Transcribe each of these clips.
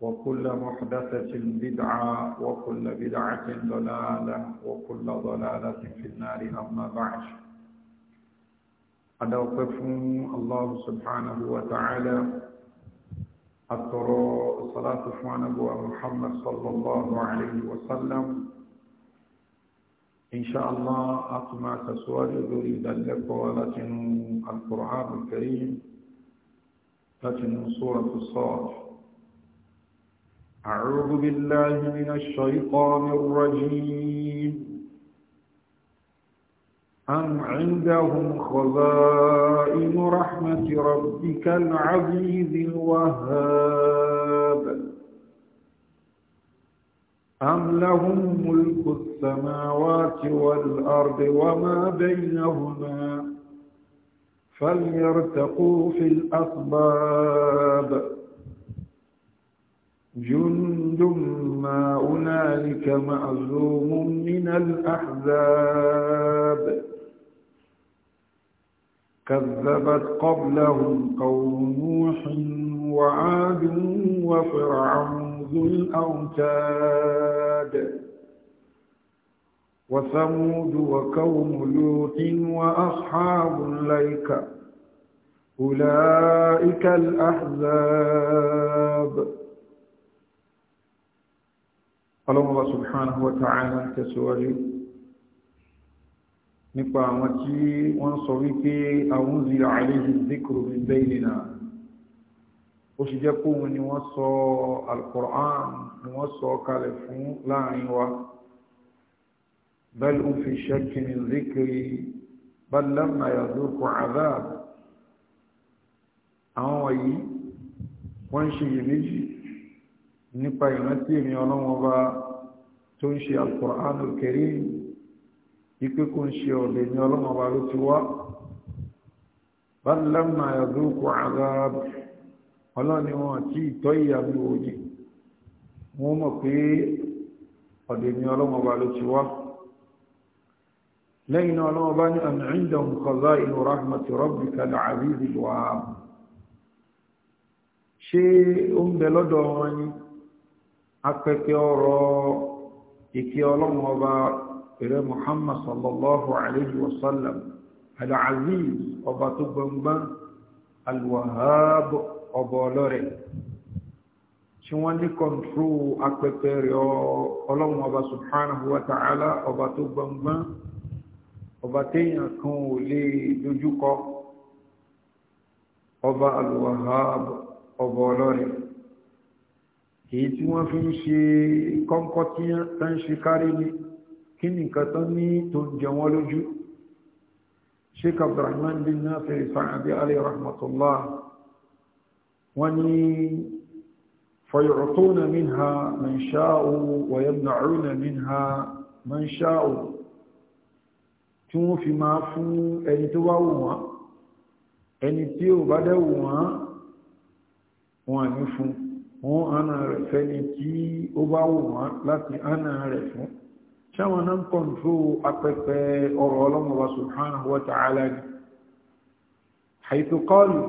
وكل محدثة بدعة وكل بدعة ضلالة وكل ضلالة في النار أما بعد أدوقف الله سبحانه وتعالى أترى صلاة فوانا محمد صلى الله عليه وسلم إن شاء الله أطمع تسواج ذريد لك ولكن القرآن الكريم لكن سورة الصالح أعوذ بالله من الشيطان الرجيم أم عندهم خزائن رحمة ربك العزيز الوهاب أم لهم ملك السماوات والأرض وما بينهما فليرتقوا في الأسباب جند ما هنالك معزوم من الأحزاب كذبت قبلهم قوم نوح وعاد وفرعون ذو الأوتاد وثمود وقوم لوط وأصحاب الليكة أولئك الأحزاب ọlọ́mọba subhanahu wa ta'ala tẹ̀síwájú nípa àwọn tí wọ́n sọ wípé àwọn zira alayhi dhikru min baynina ó sì jẹ́ kóhun ni wọ́n sọ al-Qur'an ni wọ́n sọ kalẹ̀ fún láàrin wa bal fi shakkin min dhikri bal lamma àwọn wọ̀nyí wọ́n ń ṣe iyèméjì nípa ìrántí èmi ọlọ́run ọba tó ń ṣe alkùránù karim ipé kó ń ṣe ọ̀dẹ̀ ní ọlọ́run ọba ló ti wá bal lamma yazuqu azab ọlọ́run ni wọn àti ìtọ́ ìyà mi wò ní wọ́n mọ̀ pé ọ̀dẹ̀ ní ọlọ́run ọba ló ti wá lẹ́yìn ọlọ́run ọba ní am indahum khaza'inu rahmati rabbika al-'azizil wahhab ṣé ó ń lọ́dọ̀ wọn ni apẹpẹ ọ̀rọ̀ ìkẹ́ ọlọ́run ọba ìrẹ muhammad sallallahu alayhi wa sallam al-aziz ọba tó gbọmgbọ́n al-wahhab ọba ọlọ́rẹ̀ tí wọ́n ní kọ̀ntró apẹpẹ rẹ̀ ọlọ́run ọba subhanahu wa ta'ala ọba tó gbọmgbọ́n ọba téèyàn kan ò lè dojúkọ ọba al-wahhab ọba ọlọ́rẹ̀ èyí tí wọ́n fi ń ṣe kọ́ńkọ́ tí wọ́n ń ṣe kárí ni kí ni nǹkan tán ní tó ń jẹ wọ́n lójú sheikh abdulrahman bin nasir sa'adi alayhi rahmatullah wọ́n ní fayu'tuna minha man sha'u wa yamna'una minha man sha'u tí wọ́n fi máa fún ẹni tó bá wù wọ́n ẹni tí ò bá dẹ̀ wù wọ́n wọ́n ní fún wọ́n àna rẹ̀ fẹ́ni tí ó bá wù wọ́n láti àna rẹ̀ fún ṣáwọn náà ń kọ̀ǹtró apẹpẹ ọ̀rọ̀ ọlọ́mọba subhanahu wa ta'ala ni haythu qalu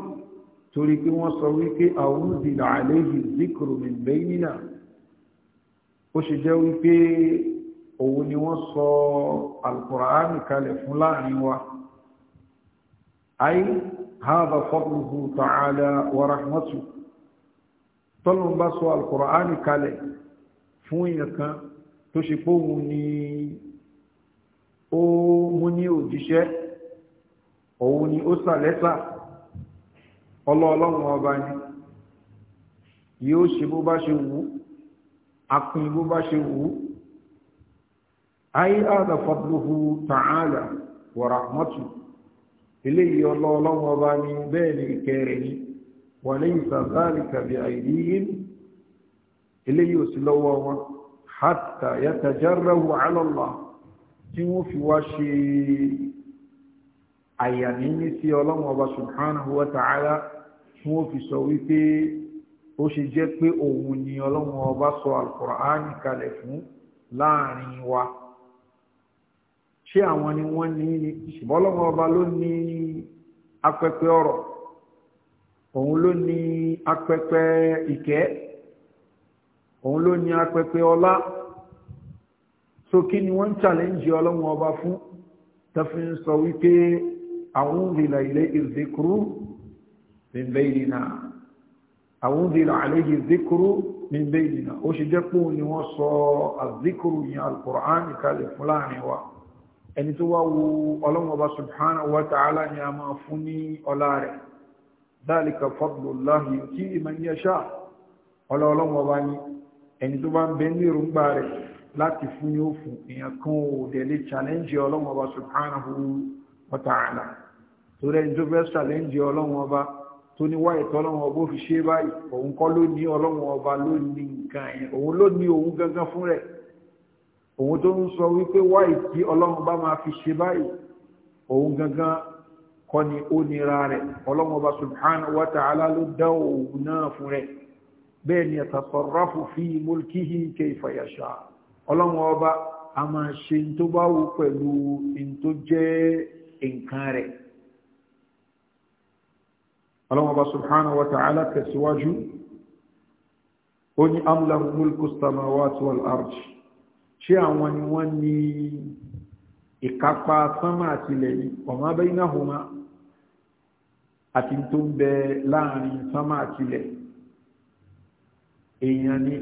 torí pé wọ́n sọ wípé unzila alayhi dhikru min baynina ó ṣe jẹ́ wípé òun ni wọ́n sọ alkùránì kalẹ̀ fún láàrin wa ay hadha fadluhu ta'ala wa tọ́lọ́n bá sọ alkùránì kalẹ̀ fún èèyàn kan tó ṣe pé òun ni ó mú ní òjíṣẹ́ òun ni ó sàlẹ́sà ọlọ́ọlọ́run ọba ni yóò ṣe bó bá ṣe wù ú apin bó bá ṣe wù ú ayé àdàfàdùhù tààlà wa eléyìí ọba ni bẹ́ẹ̀ ni وليس ذلك بأيديهم إليه يسلوه حتى يتجره على الله تيوف واشي أيانيني سي الله سبحانه وتعالى تيوف سويته ó ṣe jẹ́ pé òun ni ọlọ́run ọba sọ alukur'ani kalẹ̀ fún láàrin wa ṣé àwọn ni wọ́n ní ni ṣùgbọ́n ọlọ́run ọba ló ní apẹpẹ ọ̀rọ̀ òun ló ní apẹpẹ ìkẹ́ òun ló ní apẹpẹ ọlá so kí ni wọ́n ń challenge ọlọ́run ọba fún tẹ́fí ń sọ wípé àwọn òǹdìlà ilé ìzíkúrú bẹ̀m̀bẹ̀ ìdìnà àwọn òǹdìlà àlejò ìzíkúrú bẹ̀m̀bẹ̀ ìdìnà ó ṣe jẹ́ pé ni wọ́n sọ àzíkúrú yẹn alukur'an kalẹ̀ fún láàrin wa ẹni tó wá wo ọlọ́run ọba subhanahu wa ta'ala ni a máa fún ní ọlá rẹ̀ dáàlìkà fadlullahi yu'tihi man yasha ọlọ́ọ̀lọ́wọ́ bá ní ẹni tó bá ń bẹ ní èròǹgbà rẹ̀ láti fún yóò fún èèyàn kan ò dẹ̀lé challenge ọlọ́wọ́ bá subhanahu wa ta'ala torí ẹni tó fẹ́ challenge ọlọ́wọ́ bá tó ní wáyé tọ́lọ́wọ́ ọba ó fi ṣe báyìí òun kọ́ ló ní ọlọ́wọ́ ọba ló ní nǹkan yẹn òun ló ní òun gangan fún rẹ̀ òun tó ń sọ wípé wáyé tí ọlọ́wọ́ bá máa fi ṣe báyìí òun gangan kọ́ ni ó nira rẹ̀ ọlọ́mọba subhanahu wa ta'ala ló dá òun náà fún rẹ̀ bẹ́ẹ̀ ni yatasarrafu fi mulkihi kayfa yasha ọlọ́mọba a máa ṣe tó bá wù pẹ̀lú tó jẹ́ nǹkan rẹ̀ ọlọ́mọba subhanahu wa ta'ala tẹ̀síwájú ó ní amlahu mulku samawati wal ardi ṣé àwọn ni wọ́n ní ìkápá sánmà àtìlẹ̀yìn wa ma baynahuma àti tó ń bẹ láàrin sánmà àtilẹ̀ èèyàn ni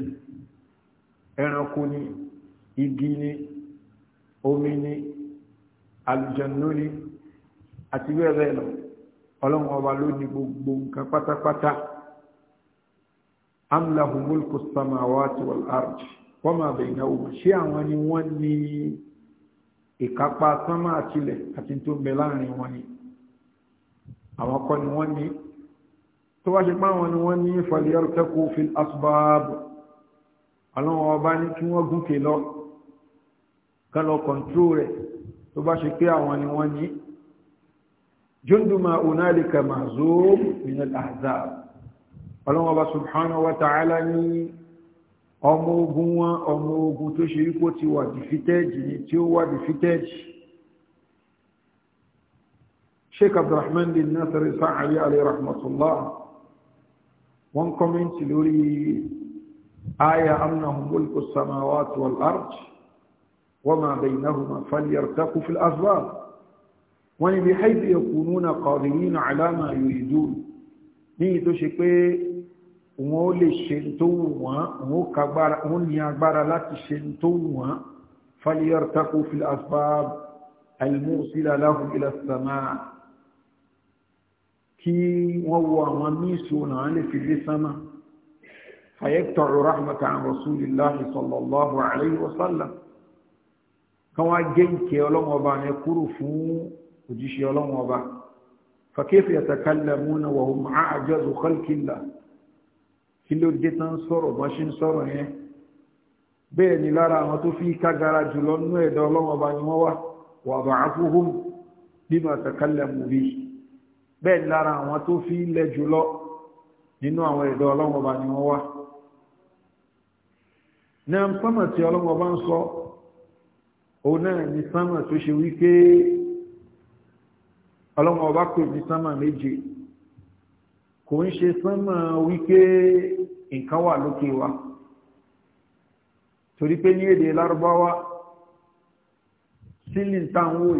ẹranko ni igi ni omi ni àlùjànnú ni àti bẹ́ẹ̀ bẹ́ẹ̀ lọ ọlọ́run ọba ló ní gbogbo nǹkan pátápátá amlahu mulku samawati wal ardi wa ma baynahuma ṣé àwọn ni wọ́n ní ìkápá sánmà àtilẹ̀ àti tó ń bẹ láàrin wọn ni àwọn kọ́ ni wọ́n ní tó wá ṣe pá wọn ni wọ́n ní falyartaku fil asbab àwọn ọba ní kí wọ́n gúnkè lọ ká lọ kọ̀ǹtró rẹ̀ tó bá ṣe pé àwọn ni wọ́n ní jundu ma unalika mahzum min al-ahzab ọlọ́wọ́ subhanahu wa ta'ala ní ọmọ ogun wọn ọmọ ogun tó ṣe rí ti wà dìfítẹ́jì ni tí ó wà dìfítẹ́jì sheikh abdulrahman bin nasir sa'ayi alayhi rahmatullah wọn kọmẹntì lórí aya amnahum mulku samawati wal ard wa ma baynahuma falyartaqu fil asbab wọn ni bi haythu yakununa qadirina ala ma yuridun ní tó ṣe pé wọn ó lè ṣe tó wù wọn wọn ní agbára láti ṣe tó wù wọn falyartaqu fil asbab al-mursila lahum ila as-samaa kí wọ́n wo àwọn míìsù náà lè fi dé sánmà fayẹ́tọ̀rọ̀ rahmatan rasulillahi sallallahu alayhi wa sallam kan wá gé ìkẹ́ ọlọ́mọba ní kúrò fún òjíṣẹ́ ọlọ́mọba fàkẹ́fì yatakallamuna wa hum a'jazu khalqillah kí ló dé tán sọ̀rọ̀ bọ́n ṣe ń sọ̀rọ̀ yẹn bẹ́ẹ̀ ni lára àwọn tó fi kágara jùlọ nínú ẹ̀dọ́ ọlọ́mọba ni wọ́n wà wa da'afuhum bima takallamu bihi bẹ́ẹ̀ lára àwọn tó fi lẹ̀ jùlọ nínú àwọn ẹ̀dọ́ ọlọ́wọ́ ni wọ́n wá náà sánmà tí ọlọ́wọ́ bá ń sọ òun náà ni sánmà tó ṣe wípé ọlọ́wọ́ bá pè ní sánmà méje kò ń ṣe sánmà wípé nǹkan wà lókè wa torí pé ní èdè lárúbáwá sílìn táwọn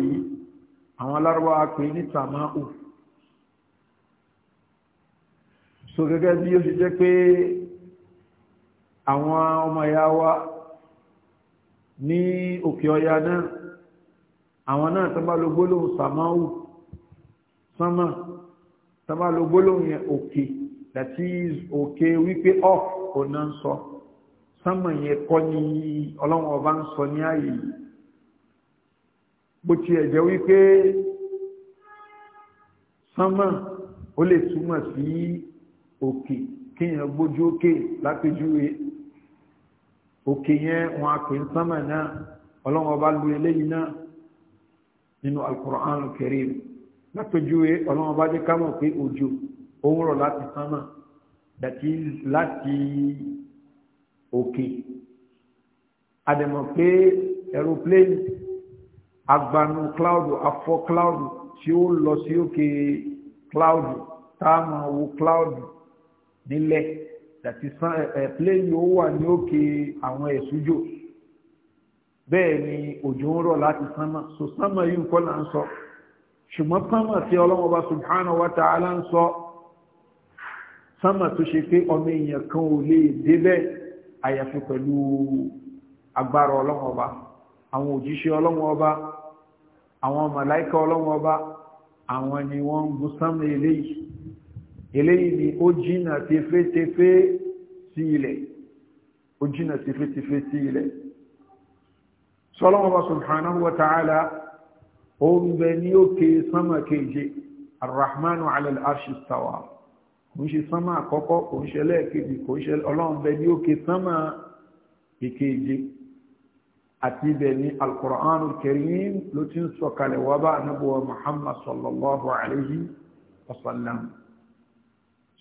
àwọn lárúbáwá pè ní sàmáhùn so gẹ́gẹ́ bí ó ṣe jẹ́ pé àwọn ọmọ ìyá wa ní òkè ọya náà àwọn náà tán bá lo gbólóhùn sàmáwù sánmà tán bá lo gbólóhùn yẹn òkè that is òkè wípé off ọ̀nà ń sọ sánmà yẹn kọ́ ni ọlọ́run ọba ń sọ ní ààyè yìí bó tiẹ̀ jẹ́ wípé sánmà ó lè túmọ̀ sí òkè kíyàn gbójú òkè lápéjúwe òkè yẹn wọn àpè ń sánmà náà ọlọ́run ọba lu eléyìí náà nínú alukur'an karim lápéjúwe ọlọ́run ọba dé kámọ̀ pé òjò òun rọ̀ láti sánmà dàtí láti òkè àdèmọ̀ pé aeroplane agbanu cloud afọ cloud tí ó lọ sí òkè cloud táàmù wo cloud nílẹ̀ àti pléyìn ó wà ní òkè àwọn ẹ̀sùjò bẹ́ẹ̀ ni òjò ń rọ̀ láti sánmà so sánmà yìí nǹkan là ń sọ ṣùgbọ́n sánmà tí ọlọ́wọ́ bá subhanahu wa ta'ala ń sọ sánmà tó ṣe pé ọmọ èèyàn kan ò lè débẹ̀ àyàfi pẹ̀lú agbára ọlọ́wọ́ ọba àwọn òjíṣẹ́ ọlọ́wọ́ ọba àwọn màláíkà ọlọ́wọ́ ọba àwọn ni wọ́n ń bu sánmà eléyìí eléyìí ni ó jìnà tefétefé sí ilẹ̀ ó jìnà tefétefé sí ilẹ̀ sọlọ́wọ́ subhanahu wa ta'ala ó ń bẹ ní òkè sánmà keje arrahmanu alal arshi stawa kò ń ṣe sánmà àkọ́kọ́ kò ń ṣe lẹ́ẹ̀kejì kò ń ṣe ọlọ́run bẹ ní òkè sánmà ìkeje àti ibẹ̀ ni alkùránù karim ló ti ń sọ̀kalẹ̀ wá bá ànábọ̀wọ̀ muhammad sallallahu alayhi wa sallam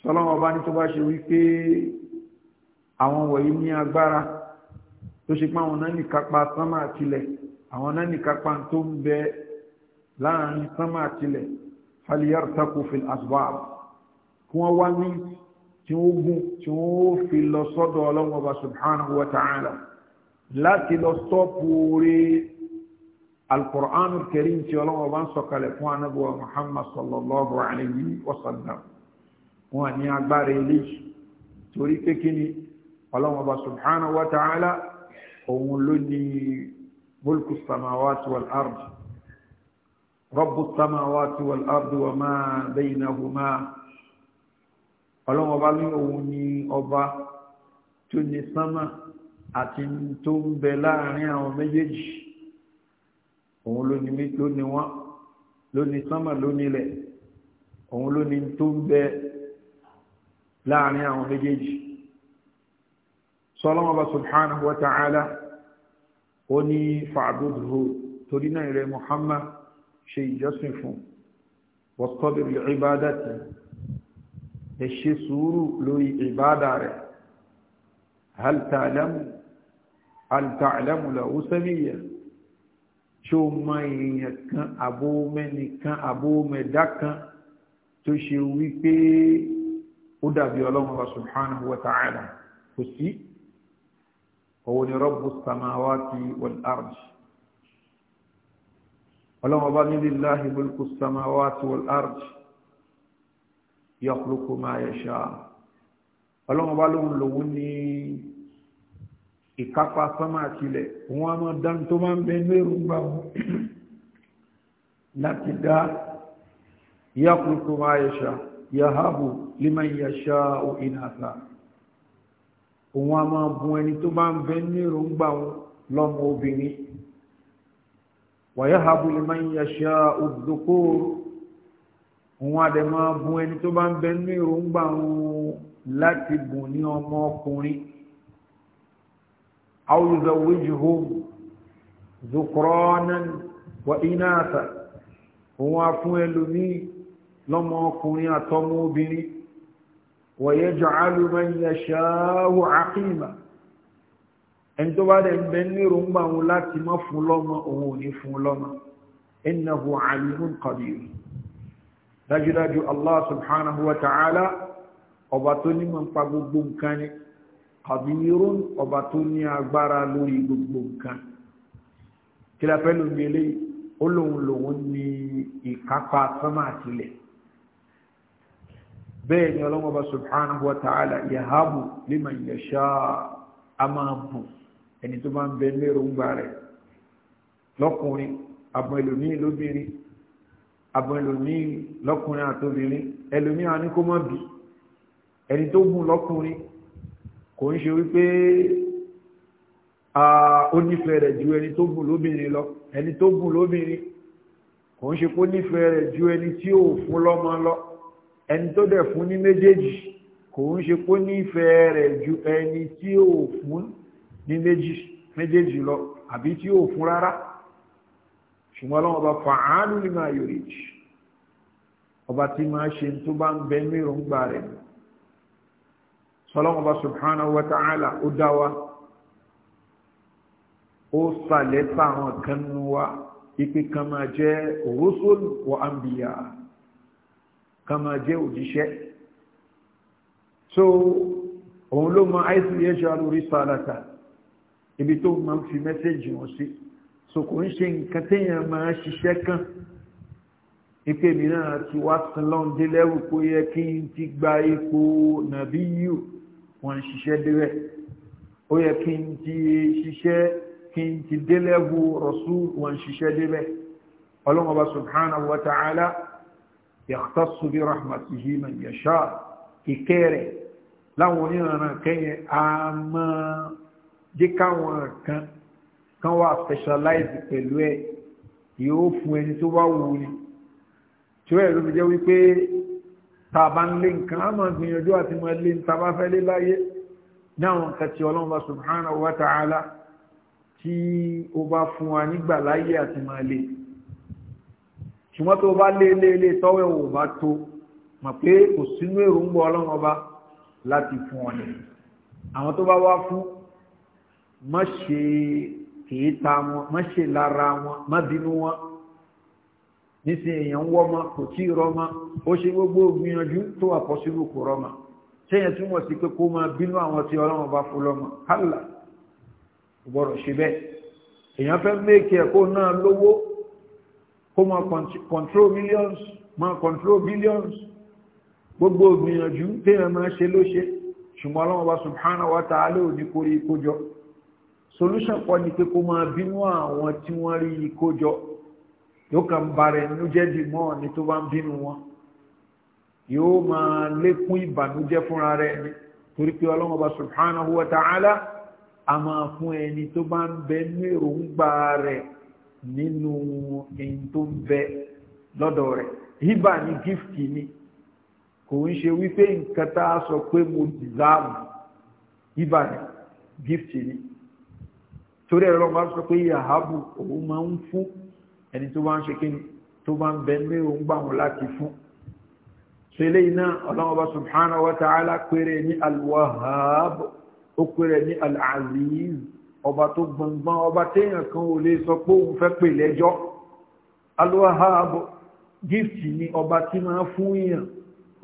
sọ́lọ́wọ́ bá ní tó bá ṣe wípé àwọn wọ̀nyí ní agbára tó ṣe pé àwọn náà nìkápá sánmà àtilẹ̀ àwọn náà nìkápá tó ń bẹ láàrin sánmà àtilẹ̀ faliyar tako fil asbab kí wọ́n wá ní tí wọ́n gùn tí wọ́n fi lọ sọ́dọ̀ ọlọ́wọ́ bá subhanahu wa ta'ala láti lọ sọ́pù orí alkùránù karim tí ọlọ́wọ́ bá ń sọ̀kalẹ̀ fún anábọ̀ muhammad sallallahu alayhi wa sallam wọn ní agbára eléyìí torí pé kí ni ọlọ́run ọba subhanahu wa ta'ala òun ló ní mulku samawati wal ard rabbu samawati wal ard wa ma baynahuma ọlọ́run ọba ní òun ní ọba tó ní sánmà àti tó ń bẹ láàrin àwọn méjèèjì òun ló ní mí ló ní wọn ló ní sánmà ló nílẹ̀ ló ní tó ń bẹ láàrin àwọn méjèèjì sọlọ́mọba subhanahu wa ta'ala ó ní fa'budhu torí náà rẹ̀ muhammad ṣe ìjọsìn fún wastabir li ibadati ẹ ṣe sùúrù lórí ìbádà rẹ̀ hal ta'lamu hal ta'lamu lahu samiyya tí ó mọ èèyàn kan àbó mẹ́nìkan àbó kan tó ṣe wípé ó dàbí ọlọ́run wa subhanahu wa ta'ala kò sí òun ni rọ́bù samawati wal ardi ọlọ́run ọba ní lillahi mulku samawati wal ardi yakhluqu ma yasha ọlọ́run ọba lóhun lòun ní ìkápá sánmà àtìlẹ̀ wọn a dán tó máa ń bẹ ní èròǹgbà wọn láti dá yakhluqu ma yasha yahabu liman yasha'u inatha òun a máa bùn ẹni tó bá ń bẹ ní èròǹgbà lọ́mọ obìnrin wa yahabu liman yasha'u dhukur òun a dẹ̀ máa bùn ẹni tó bá ń bẹ ní èròǹgbà láti bùn ní ọmọ ọkùnrin aw yuzawwijuhum dhukranan wa inatha òun a fún ẹlòmíì lọ́mọ ọkùnrin àtọmọ obìnrin ويجعل من يشاء عقيما ان تبعد بني رمى ولات ما فلما اوني فلما انه عليم قدير دجدج الله سبحانه وتعالى وباتوني من فغبون كان قدير وباتوني اغبار لوري غبون كان كلا بلو ميلي اولون لون ني اكاكا سما bẹ́ẹ̀ ni ọlọ́mọba subhanahu wa ta'ala yahabu liman yasha a máa bù ẹni tó máa ń bẹ lérò ń gbà rẹ̀ lọ́kùnrin àbọ̀ ẹlòmíì lóbìnrin àbọ̀ ẹlòmíì lọ́kùnrin àtòbìnrin ẹlòmíì àní kó má bì ẹni tó bù lọ́kùnrin kò ń ṣe wípé ó nífẹ̀ẹ́ rẹ̀ ju ẹni tó bù lóbìnrin lọ ẹni tó bù lóbìnrin kò ń ṣe kó nífẹ̀ẹ́ rẹ̀ ju ẹni tí ò fún lọ́mọ lọ ẹni tó dẹ̀ fún ní méjèèjì kò ń ṣe kó nífẹ̀ẹ́ rẹ̀ ju ẹni tí ò fún ní méjèèjì lọ àbí tí ò fún rárá ṣùgbọ́n ọlọ́run ọba fàánù ní máa yòrè jì ọba tí máa ṣe tó bá ń bẹ mìíràn gbà rẹ̀ sọlọ́run ọba subhanahu wa ta'ala ó dá wa ó sàlẹ̀ sáwọn kan nu wa ipe kan máa jẹ́ rusulu wa anbiya kan máa jẹ́ òjíṣẹ́ so òun ló mọ àìsíyẹ́ṣọ́ alórí sàlátà ibi tó máa ń fi mẹ́sẹ̀jì wọn sí so kò ń ṣe nǹkan téèyàn máa ṣiṣẹ́ kan ipe mìíràn ti wá sílọ́n dé lẹ́rù kó yẹ kí n ti gba ipò nàbí yíò wọ́n ṣiṣẹ́ débẹ̀ ó yẹ kí n ti ṣiṣẹ́ kí n ti dé lẹ́rù rọ̀sú wọ́n ṣiṣẹ́ débẹ̀ ọlọ́mọba subhanahu wa ta'ala yàtọ̀sù bí rahmatihi man yasha ìkẹ́ rẹ̀ láwọn oníranran kẹ́yẹ a máa jẹ́ káwọn kan kan wà specialize pẹ̀lú ẹ̀ yóò fún ẹni tó bá wù ní tí ó ẹ̀rọ mi jẹ́ wípé tá a bá ń lé nǹkan á máa gbìyànjú àti máa lé nǹkan bá fẹ́ lé láyé náà nǹkan tí ọlọ́run bá subhanahu wa ta'ala tí ó bá fún wa nígbà láyé àti máa lé nǹkan ṣùgbọ́n tó bá lé lé lé tọ́wẹ́ ò bá tó mọ̀ pé kò sínú èròǹgbà ọlọ́run ọba láti fún ọ ní àwọn tó bá wá fún má ṣe kèéta wọn má ṣe lára wọn má bínú wọn nísìnyí èèyàn ń wọ́mọ kò tí ì rọ́mọ ó ṣe gbogbo gbìyànjú tó wà pọ́sibú kò rọ́mọ ṣéyẹn túmọ̀ sí pé kó máa bínú àwọn tí ọlọ́run bá fún lọ́mọ kálà gbọ́dọ̀ ṣe bẹ́ẹ̀ èèyàn fẹ́ mẹ́kẹ̀ẹ́ kó náà lówó kó máa control millions máa control billions gbogbo ìgbìyànjú téèyàn máa ṣe ló ṣe ṣùgbọ́n ọlọ́run wa subhanahu wa ta'ala ò ní kórí ìkójọ solution kọ́ ni pé kó máa bínú àwọn tí wọ́n rí ìkójọ yóò kàn bàrẹ̀ nínú jẹ́ dì mọ́ ni tó bá ń bínú wọn yóò máa lékún ìbànújẹ́ fúnra rẹ̀ ni torí pé ọlọ́run wa subhanahu wa ta'ala a máa fún ẹni tó bá ń bẹ ní èròǹgbà rẹ̀ nínú ẹni tó ń bẹ lọ́dọ̀ rẹ̀ hibà ní gift ni kò ń ṣe wípé nǹkan tá a sọ pé mo deserve hibà ní gift ni torí ẹ̀rọ máa sọ pé yahabu òun máa ń fún ẹni tó bá ń ṣe kí ni tó bá ń bẹ ní òun gbà wọn láti fún ṣẹlẹ̀ iná ọlọ́mọba subhanahu wa ta'ala pèrè ní alwahab ó pèrè ní alaziz ọba tó gbọngbọn ọba téèyàn kan ò lè sọ pé òun fẹ́ pè lẹ́jọ́ alóháàbò gífìtì ni ọba tí máa fún èèyàn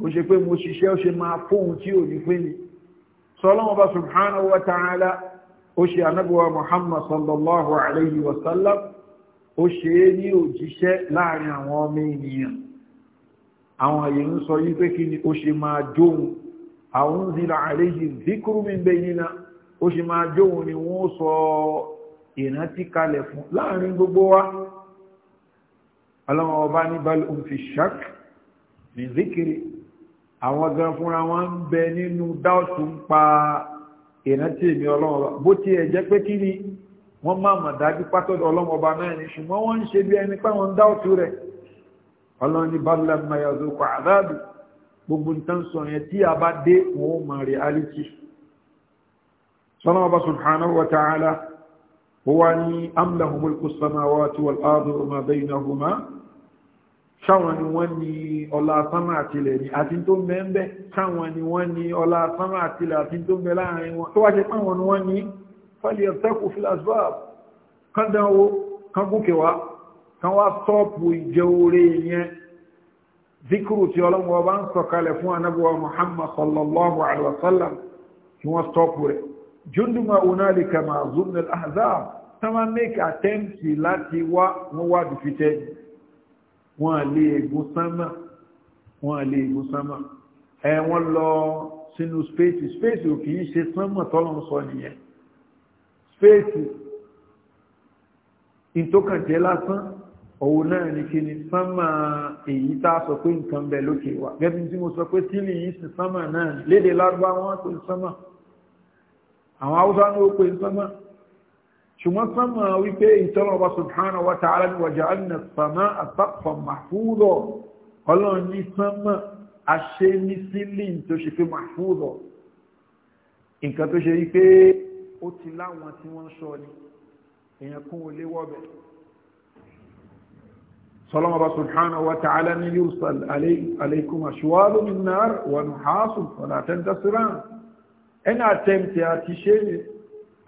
ó ṣe pé mo ṣiṣẹ́ ó ṣe máa fóhun tí ò ní pé ni sọlọ́wọ́n bá subhanahu wa ta'ala ó ṣe anábíwa muhammad sallallahu alayhi wa sallam ó ṣe é ní òjíṣẹ́ láàrin àwọn ọmọ ènìyàn àwọn èyí ń sọ yí pé kí ni ó ṣe máa jóhun àwọn zira alayhi dhikru min baynina ó ṣe máa jóhun ni wọ́n sọ ìrántí kalẹ̀ fún láàrin gbogbo wa ọlọ́wọ́ ọba ní bal um fi shak ní zikiri àwọn gan fúnra wọn ń bẹ nínú dáòtù ń pa ìrántí èmi ọlọ́wọ́ bó ti ẹ̀ pé kí ni wọ́n máa mọ̀ dájú pátọ́dọ̀ ọlọ́wọ́ ọba náà ni ṣùgbọ́n wọ́n ń ṣe bí ẹni pé wọ́n ń dáòtù rẹ̀ ọlọ́ni bala mayazo kọ àdáàbì gbogbo nǹkan sọ yẹn tí a bá dé wọn ó mọ̀ reality sọ́nà ọba subhanahu wa ta'ala ó wá ní amlahu mulku samawati wal ardi wa ma baynahuma sáwọn ni wọ́n ní ọlá sánmà àtìlẹ̀ ní àti tó mẹ́ẹ̀bẹ́ sáwọn ni wọ́n ní ọlá sánmà àtìlẹ̀ àti tó mẹ́ láàrin wọn tó wá ṣe páwọn ni wọ́n ní fọ́lì kan dánwó kan ìjẹ orí yẹn zikiru tí ọlọ́wọ́ bá ń sọ̀kalẹ̀ fún anábíwá Muhammad sallallahu alaihi wasallam kí wọ́n sọ́ọ̀pù rẹ̀ jundu ma unalika ma zunna al-ahzab tama make attempt láti wá wọ́n wá defeated wọ́n lè egun sánmà wọ́n lè egun sánmà ẹ wọ́n lọ sínú space space ò kìí ṣe sánmà tọ́lọ̀ sọ nìyẹn space ìtókànjẹ́ lásán òun náà ni kí ni sánmà èyí tá a sọ pé nǹkan bẹ̀ lókè wa gẹ́gẹ́ bí mo sọ pé sílì yìí sì sánmà náà lédè lárúbáwá wọn pè sánmà àwọn haúsá ní ó pè sánmà ṣùgbọ́n sánmà wípé ìtọ́nà ọba subhanahu wa ta'ala ni waja'alna as-samaa'a saqfan mahfudha ọlọ́run ní sánmà aṣe ní sílìn tó ṣe pé mahfudha nǹkan tó ṣe wípé ó ti láwọn tí wọ́n ń sọ ni èèyàn kún olé wọ́bẹ̀ sọlọ́mọ bá subhanahu wa ta'ala ni yursal alaykum ashwalun min nar wa nuhasun ẹni attempt àti ṣe ní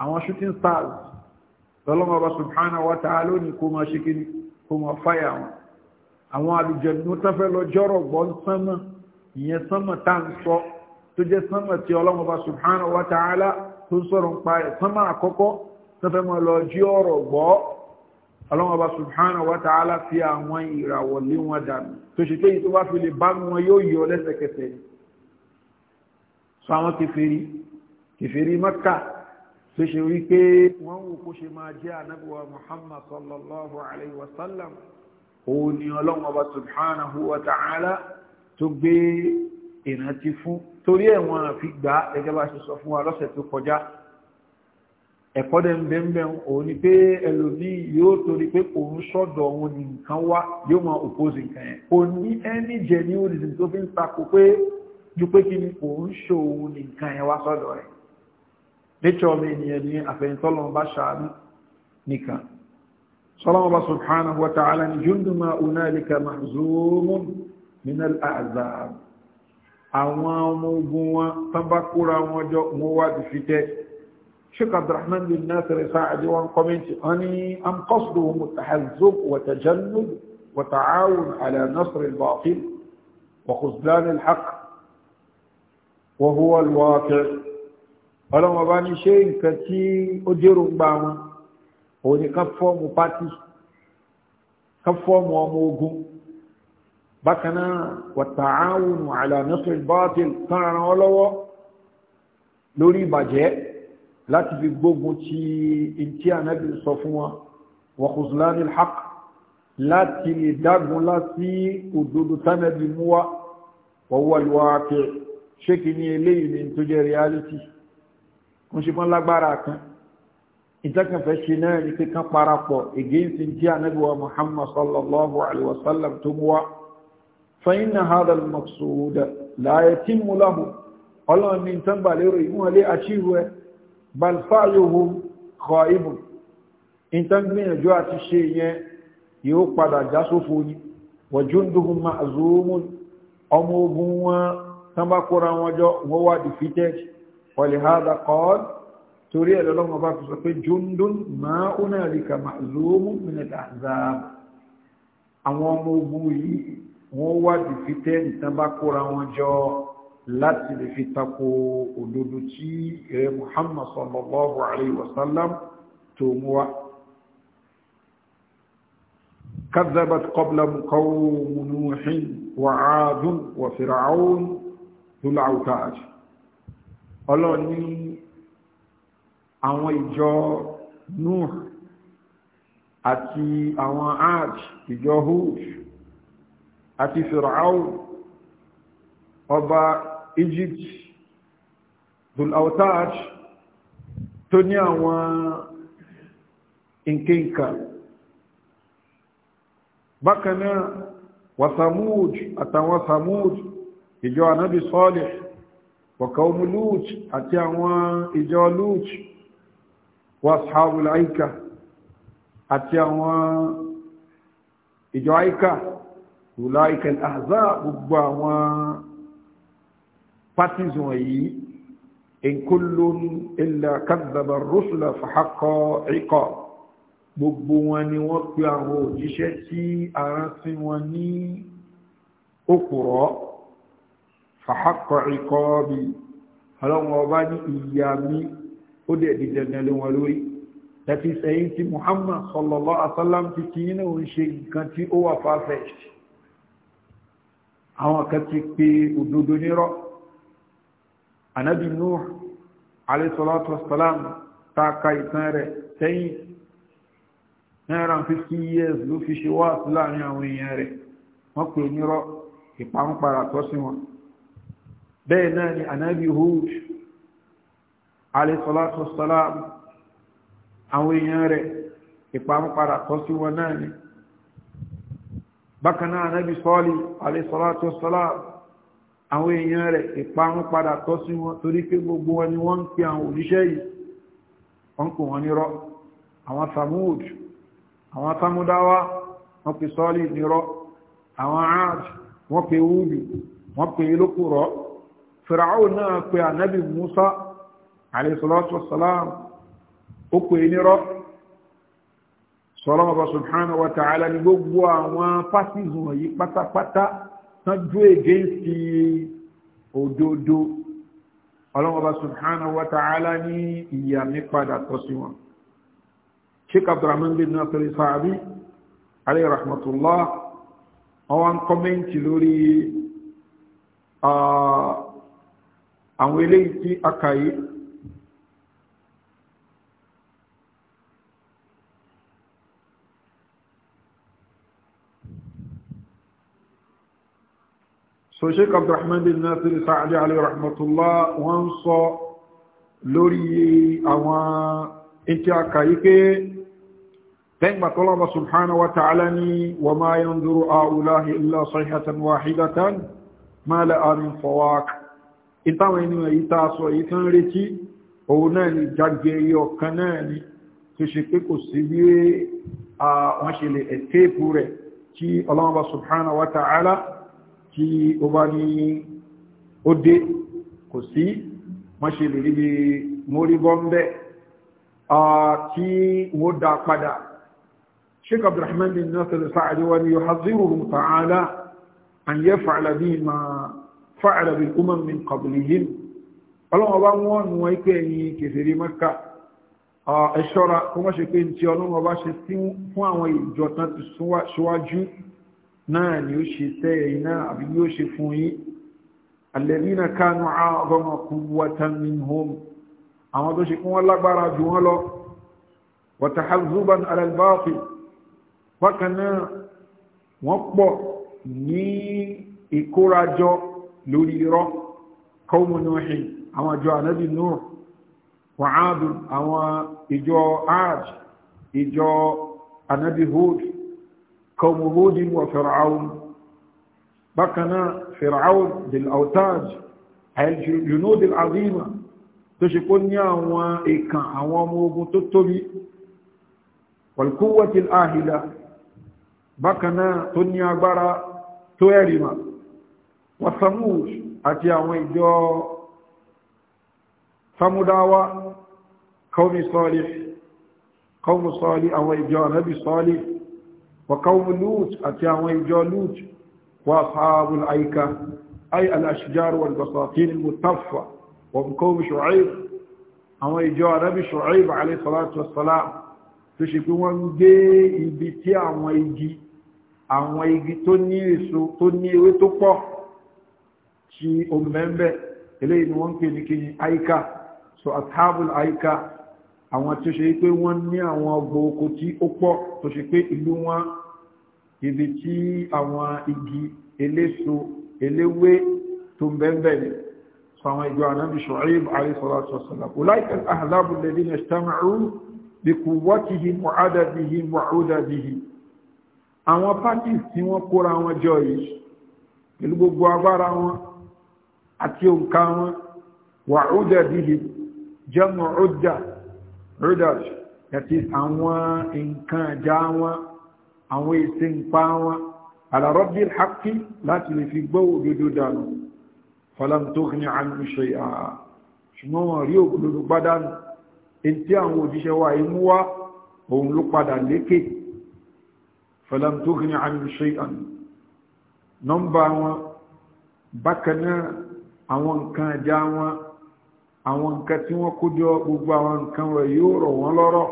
àwọn shooting stars lọ́lọ́mọ ọba subhanahu wa ta'ala ní kó máa ṣe kí ni kó máa fáyà wọn àwọn àlùjẹ̀nù tó fẹ́ lọ jọ́rọ̀ gbọ́n sánmà ìyẹn sánmà tá ń sọ tó jẹ́ sánmà tí ọlọ́mọ ọba subhanahu wa ta'ala tó ń sọ̀rọ̀ ń pa ẹ̀ sánmà àkọ́kọ́ tó fẹ́ lọ jí ọ̀rọ̀ gbọ́ ọlọ́mọ ọba subhanahu wa ta'ala fi àwọn ìràwọ̀ wọn dànù tó ṣe pé tó bá fi lè bá wọn yóò yọ lẹ́sẹ̀kẹsẹ̀ yìí sọ àwọn kèfèrí kèfèrí Mẹ́kà tó ṣe wí pé wọ́n wò kó ṣe máa jẹ́ anábíwá Muhammad sallallahu alayhi wa sallam òun ni ọlọ́run ọba subhanahu wa ta'ala tó gbé ìrántí fún torí ẹ̀wọ̀n àfi gbà ẹgẹ́ bá ṣe sọ fún wa lọ́sẹ̀ tó kọjá ẹ̀kọ́ dẹ̀ ń bẹ́ ń bẹ́ òun ni pé ẹlòmí yóò torí pé òun sọ́dọ̀ òun ní nǹkan wá yóò máa òpósì nǹkan yẹn kò ní ẹni jẹ ní oríṣi tó fi ń takò pé ju pé kí ni òun ṣòun nìkan yẹn wá sọ́dọ̀ rẹ̀ lẹ́tọ̀ ọmọ ènìyàn ní àfẹ̀yìntọ́lọ́wọ́ bá ṣàánú nìkan sọ́lọ́wọ́ bá subhanahu wa ta'ala ni jùndù ma unalika mahzumun min al-ahzab àwọn ọmọ ogun wọn tán bá kóra wọn jọ mọ́ wá ti fi tẹ́ sheikh abdulrahman bin nasir sa'adi wọn kọ́mẹ́ntì wọn ni am qasduhum at-tahazzub wa tajannub wa ta'awun ala nasr al-batil wa khuzlan al-haqq وهو الواقع ọlọ́wọ́ bá ní ṣe nǹkan tí ó dérò ń gba wọn òun ni ká fọ́ọ̀mù pátì ká fọ́ọ̀mù ọmọ ogun bákan náà wàtàáwùnù àlànàṣẹ́ báàtì kan ara wọn lọ́wọ́ lórí ìbàjẹ́ láti fi gbógun ti ìtí ànábì sọ fún wọn wàhùsùlánì haq láti lè dágun láti òdodo tánàbì mú wa wọ́wọ́ ìwà kẹrì ṣé kì ní eléyìí ni tó jẹ́ reality kún ṣe fún lágbára kan ìtẹ́kànfẹ́ ṣe náà ní pé kán parapọ̀ against tí ànábì wa muhammad sallallahu alaihi wasallam tó mú wa fa inna hadha al-maqsud la yatimmu lahu ọlọ́run ní tán bà lérò ìwọ̀n lé àṣírò ẹ balfáyòhù kọ ibù ìtàn gbìyànjú àti ṣe yẹn yóò padà já sófo ní wọ̀júndùhùn ma'azumun ọmọ ogun wọn tán bá kóra wọn jọ wọ́n wá defeated wàlìhádà kọ́ọ̀d torí ẹ̀lọ́lọ́mọ bá fi sọ pé jundun máa ó náà rí kà ma'lumu min al-ahzab àwọn ọmọ ogun yìí wọ́n wá defeated tán bá kóra wọn jọ láti lè fi tako òdodo tí ẹ̀ Muhammad sallallahu alayhi wa sallam tó mú wa كذبت قبلهم قوم نوح وعاد وفرعون tó láwùtà àjò ọlọ́run ní àwọn ìjọ nuh àti àwọn aj ìjọ hud àti fìràáwù ọba egypt tó láwùtà àjò tó ní àwọn ìkínkà bákanáà wàsàmúj àtàwọn sàmúj ìjọ ànábì sọ́ọ̀lẹ̀ ọ̀kà omi lúùt àti àwọn ìjọ lúùt wàsáàbùl àìkà àti àwọn ìjọ àìkà ìwòlá ìkẹl àzá gbogbo àwọn parties wọ̀nyí in kullun illa kadhaba rusula fahaqqa iqab gbogbo wọn ni wọ́n pe àwọn òjíṣẹ́ tí aránsí wọn ní òpùrọ́ fàhákọ̀ ikọ́ bí ọlọ́run ọba ní ìyá mi ó dẹ̀ di dandan lé wọn lórí láti sẹ́yìn tí muhammad sallallahu alaihi wasallam ti kí ní òun ṣe nǹkan tí ó wà fáfẹ́ àwọn kan ti pe òdodo nírọ́ anabi nuh alayhi salatu ta ka ìtàn rẹ̀ sẹ́yìn náírà 50 years ló fi ṣe wá láàrin àwọn èèyàn rẹ̀ wọ́n pè nírọ́ ìpamọ́ tọ́sí wọn bẹ́ẹ̀ náà ni anábi Hud alaihissalatu wassalam àwọn èèyàn rẹ̀ ìpamọ́padà kọ́ sí wọn náà ni bákan náà anábi Salih alaihissalatu wassalam àwọn èèyàn rẹ̀ ìpamọ́padà kọ́ sí wọn torí pé gbogbo wọn ni wọ́n ń pè àwọn òjíṣẹ́ yìí wọ́n kò wọ́n nírọ́ àwọn Samud àwọn Samudawa wọ́n pè Salih nírọ́ àwọn Aad wọ́n pè Hud wọ́n pè lókùrọ́ fìràwò náà pé ànábì musa àlèsọ́lọ́tọ̀ sàlám ó pè nírọ́ sọ́lọ́mọ̀bá subhanahu wa ta'ala ni gbogbo àwọn pásìsì wọ̀nyí pátápátá tán jú èdè sí òdodo ọlọ́mọ̀bá subhanahu wa ta'ala ní ìyà mi padà tọ́ sí wọn sheikh abdulrahman bin nasir sa'abi alayhi rahmatullah àwọn kọ́mẹ́ntì lórí uh, àwọn eleyi tí a kà so sheik abdulrahman bin nasir sa'adi alayhi rahmatullah wọ́n sọ lórí àwọn inti aka yi pé tẹ́gbà tọ́lọ́bà subhanahu wa ta'ala ni wa ma yanzuru a'ulahi illa sayhatan wahidatan ma la'a min ìtàwọn ẹni wọ̀nyí tá a sọ yìí tán retí òun náà ni jagere ọ̀kan náà ni tó ṣe pé kò sí bí wọ́n ṣe lè ẹ̀tẹ́ẹ̀pù rẹ̀ tí ọlọ́mọba subhanahu wa ta'ala tí bá ní ó dé kò sí wọ́n ṣe lè ríbi mórí bọ́m̀bẹ́ tí wọ́n dá padà sheik abdulrahman nasir sa'adi wani yuhaziruhum ta'ala an yaf'ala bima fa'ala bil umam min qablihim ọlọ́wọ́ bá wọ́n nù wọ́n pé ẹ̀yin kèfèrí mẹ́ka ẹ̀ṣọ́ra kó wọ́n ṣe pé ní ti ọlọ́wọ́ bá ṣe fún àwọn ìjọ tán ti ṣíwájú náà ni ó ṣe tẹ́ ẹ̀yin náà àbí yóò ṣe fún yín alladhina kanu a'zama quwwatan minhum àwọn tó ṣe kí wọ́n lágbára jù wọ́n lọ wa tahazzuban bákan náà wọ́n pọ̀ ní ìkórajọ lórí irọ́ kọ́ọ̀mù nùhìn àwọn àjọ ànábì nùr wà áàdù àwọn ìjọ áàj ìjọ ànábì hud kọ́ọ̀mù hudin wà fìràún bákan náà fìràún dìl autaj àìjùnúdìl azima tó ṣe kó ní àwọn ìkàn àwọn ọmọ ogun tó tóbi wàlkúwàtìl ahìlá bákan tó ní agbára tó ẹ̀rìmà wa samud àti àwọn ìjọ samudawa kawmi salih kawmi salih àwọn ìjọ anabi salih wa kawmi lut àti àwọn ìjọ lut wa ashabul aika ay al-ashjar wal basatin al-mutaffa wa kawmi shu'aib àwọn ìjọ anabi shu'aib alayhi salatu wassalam tó ṣe pé wọ́n gbé tí ó mẹ́mbẹ́ eléyìí ni wọ́n ń pè ní kí ni aika so ashabul aika àwọn tí ó ṣe pé wọ́n ní àwọn ọgbọ̀ oko tí ó pọ̀ tó ṣe pé ìlú wọn ibi tí àwọn igi eléso eléwé tó mẹ́mbẹ́ ni so àwọn ìjọ anábì Shu'aib alayhi salatu wassalam ulaika al-ahzabu alladhina ijtama'u bikuwwatihim wa adadihim wa udadihim àwọn pátì tí wọ́n kóra wọn jọ yìí pẹ̀lú gbogbo agbára wọn àti òǹkà wọn wà ọdẹ dìde jẹmọ ọdẹ ọdẹ àti àwọn nǹkan ẹja wọn àwọn èsì ńpa wọn alàrọ́bí haqqi láti lè fi gbọ́ òdodo dànù falam tó ní àánú ṣe àà ṣùgbọ́n wọn rí òkúlòdó gbádánù èyí tí àwọn òjíṣẹ́ wa imú wá òun ló padà lékè falam tó ní àánú àà nọ́mbà wọn bákanáà àwọn nǹkan ẹja wọn àwọn nǹkan tí wọ́n kó jọ gbogbo àwọn nǹkan rẹ̀ yóò rọ̀ wọ́n lọ́rọ̀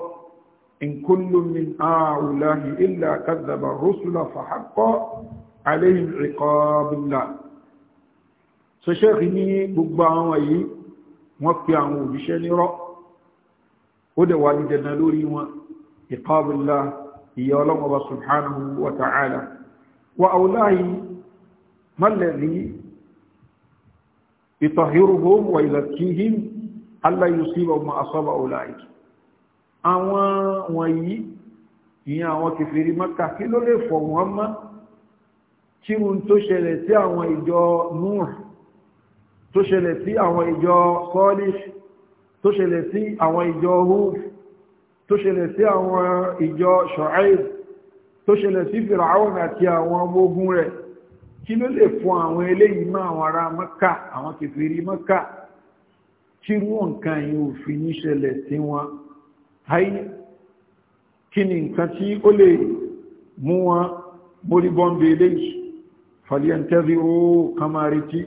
in kullu min aulahi illa kadhaba rusula fa haqqa alayhim iqabillah so ṣẹ́ẹ̀kì ní gbogbo àwọn yìí wọ́n pe àwọn òbíṣẹ́ nírọ́ ó dẹ̀ wà ní dandan lórí wọn iqabillah ìyà ọlọ́wọ́ subhanahu wa ta'ala wa aulahi mọ́lẹ̀ ìtọ̀hírùhùn wà ìzàkíhìn aláyùsíwà ما asọ́bà ọláìkì àwọn wọ̀nyí ìyẹn àwọn kèfèrí maka kí ló lè fọ̀ wọ́n mọ́ tí wọ́n tó ṣẹlẹ̀ sí àwọn ìjọ Nuh tó ṣẹlẹ̀ sí àwọn ìjọ Salih tó ṣẹlẹ̀ sí àwọn ìjọ Hud tó ṣẹlẹ̀ sí àwọn ìjọ Shu'aib tó ṣẹlẹ̀ sí Fir'aun àti àwọn ogun rẹ̀ kí ló lè fún àwọn eléyìí mọ́ àwọn ará mọ́kà àwọn kèfèrí mọ́kà tí wọ́n nǹkan yìí ò fi ní ṣẹlẹ̀ sí wọn ayé kí ni nǹkan tí ó lè mú wọn mórí bọ́m̀bé eléyìí fàlíyàntẹ́rí ó kama retí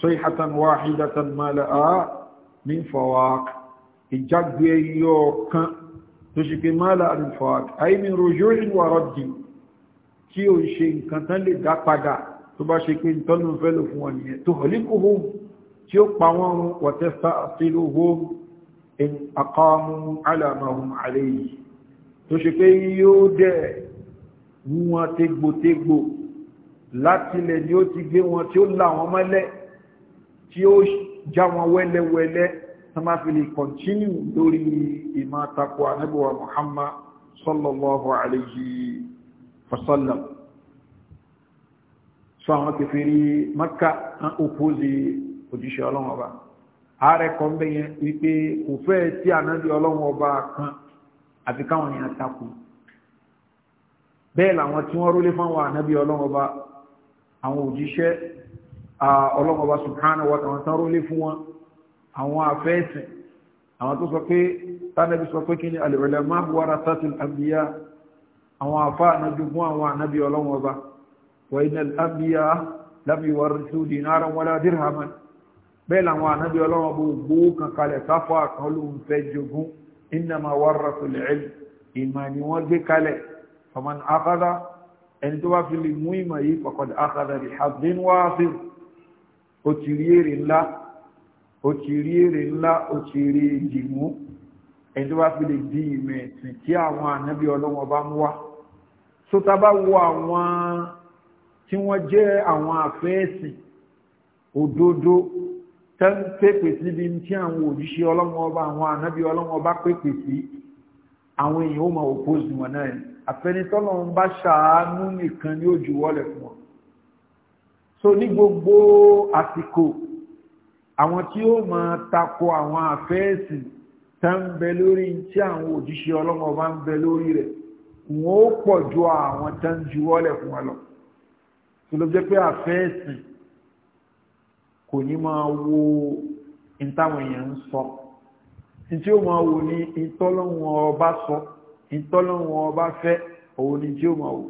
sayhatan wahidatan mala'a min fawaq ìjágbé yọ kan tó ṣe pé mala'a min fawaq ayé min rojó ìwà rọ̀dì tí ó ń ṣe nǹkan tán lè dá padà tó bá ṣe pé tọ́lù fẹ́ lò fún wọn nìyẹn tó hàlíkòhó tí ó pa wọ́n rún wọ̀tẹ́fà àfihòhó in àkọ́mù alàmàhùn àlẹ́ yìí tó ṣe pé yóò dẹ̀ mú wọn tégbòtégbò látilẹ̀ ni ó ti gbé wọn tí ó là wọn mọ́lẹ̀ tí ó já wọn wẹ́lẹ́wẹ́lẹ́ sallallahu alayhi wa sallam so àwọn kèfèrí maka ń òpózi òjíṣẹ́ ọlọ́run ọba ààrẹ kan bẹ́ yẹn wípé kò fẹ́ tí ànábì ọlọ́run ọba kan àti káwọn yẹn takò bẹ́ẹ̀ làwọn tí wọ́n rólé fáwọn ànábì ọlọ́run ọba àwọn òjíṣẹ́ ọlọ́run ọba subhanahu wa ta'ala tán rólé fún wọn àwọn afẹ́ẹ̀sìn àwọn tó sọ pé tánàbí sọ pé kí ni al-ulama warathatul anbiya àwọn afá ànábì fún àwọn ànábì ọlọ́run ọba وإن الأنبياء لم يورثوا دينارا ولا درهما بل وان نبي الله ابو بوك قال كفى قالوا فجبوا انما ورثوا العلم ايمان وجه قال فمن اخذ ان تو في المهم فقد اخذ بحظ وافر وتيرير الله وتيرير الله وتيرير جمو ان في الدين تي àwọn ànábì Ọlọ́run ọba mú wá so tí wọ́n jẹ́ àwọn àfẹ́ẹ̀sì òdodo tẹ́ ń pèpè síbi tí àwọn òjíṣẹ́ ọlọ́mọ ọba àwọn ànábì ọlọ́mọ ọba pèpè sí àwọn èèyàn ó máa òpósì wọn náà ni àfẹnitọ́lọ́ ń bá ṣàánú nìkan ní òjò wọlé fún wọn so ní gbogbo àsìkò àwọn tí ó máa tako àwọn àfẹ́ẹ̀sì tẹ́ ń bẹ lórí tí àwọn òjíṣẹ́ ọlọ́mọ ọba ń bẹ lórí rẹ̀ wọ́n ó pọ̀ ju àwọn tẹ́ ń juwọ́lẹ̀ fún wọn lọ tó ló jẹ́ pé àfẹ́ẹ̀sì kò ní máa wo ìtawọn èèyàn ń sọ tí ó máa wò ní ìtọ́lọ́wọ́n ọba sọ ìtọ́lọ́wọ́n ọba fẹ́ òun ni tí ó máa wò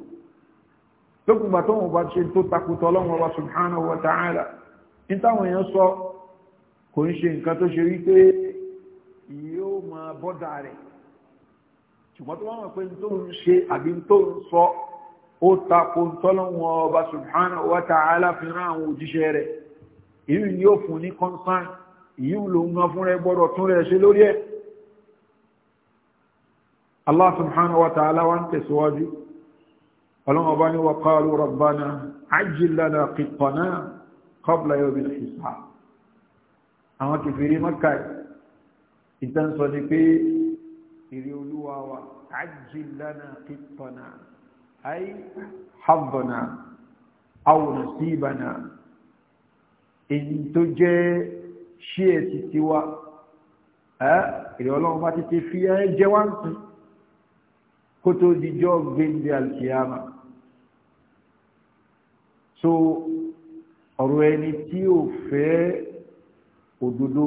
lókùnbà tó wọn bá ṣe tó takùtọ̀ ọlọ́wọ́n ọba subhanahu wa ta'ala ìtawọn èèyàn sọ kò ń ṣe nǹkan tó ṣe rí pé yóò máa bọ́dà rẹ̀ ṣùgbọ́n tó wọ́n mọ̀ pé ní tó ń ṣe àbí ní tó ń sọ ó takò tọ́lọ́wọ́ ọba subhanahu wa ta'ala fi rán àwọn òjíṣẹ́ rẹ̀ èyí yóò fún ní constant èyí ló ń gan fúnra gbọ́dọ̀ tún rẹ̀ ṣe lórí ẹ̀ Allah subhanahu wa ta'ala wa أي حظنا أو نصيبنا إن تجي شيء سوى ìrẹ̀ ọlọ́run bá títí fi ẹ́ jẹ́ wá ń sìn kó tó dijọ́ gbéńdé alkiyama so ọrụ ẹni tí ò fẹ́ òdodo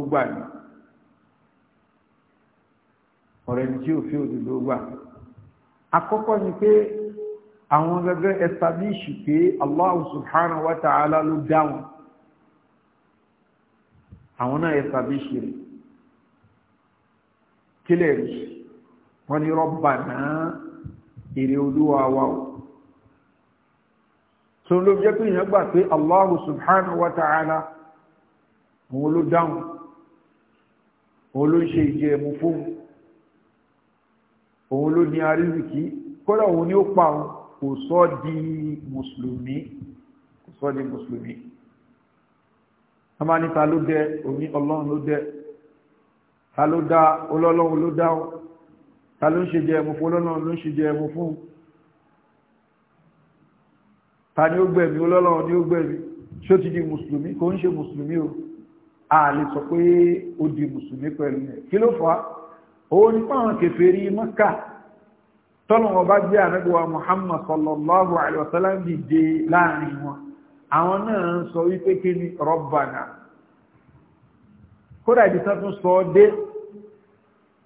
ni pé àwọn gẹ́gẹ́ establish pé Allah subhanahu wa ta'ala ló dá wọn àwọn náà establish rẹ̀ kílẹ̀ rí wọ́n ní rọ́bà náà èrè olúwa wa o tó ló jẹ́ pé ìyẹn gbà pé Allah subhanahu wa ta'ala òun ló dáhùn òun ló ṣe ìjẹ ẹ̀mú fóun òun ló ní àríwìkí kódà òun ni ó pa òun kò sọ di mùsùlùmí kò sọ di mùsùlùmí a máa níta ló dẹ òní ọlọ́run ló dẹ ta ló dá ọlọ́run ló dá ọ ta ló ń ṣe jẹ ẹmu fún ọlọ́run ló ń ṣe jẹ ẹmu fún ta ni ó gbẹ̀mí ọlọ́run ni ó gbẹ̀mí ṣó ti di mùsùlùmí kò ń ṣe mùsùlùmí o a lè sọ pé ó di mùsùlùmí pẹ̀lú ẹ̀ kí ló fà á òun nípa àwọn kèfèrí Mẹ́kà tọ́lọ̀wọ̀ bá jẹ́ ànágbà Muhammad sallallahu alaihi wasallam dìde láàrin wọn àwọn náà ń sọ wípé kí ni Rabbana kódà ìdí tán tún sọ dé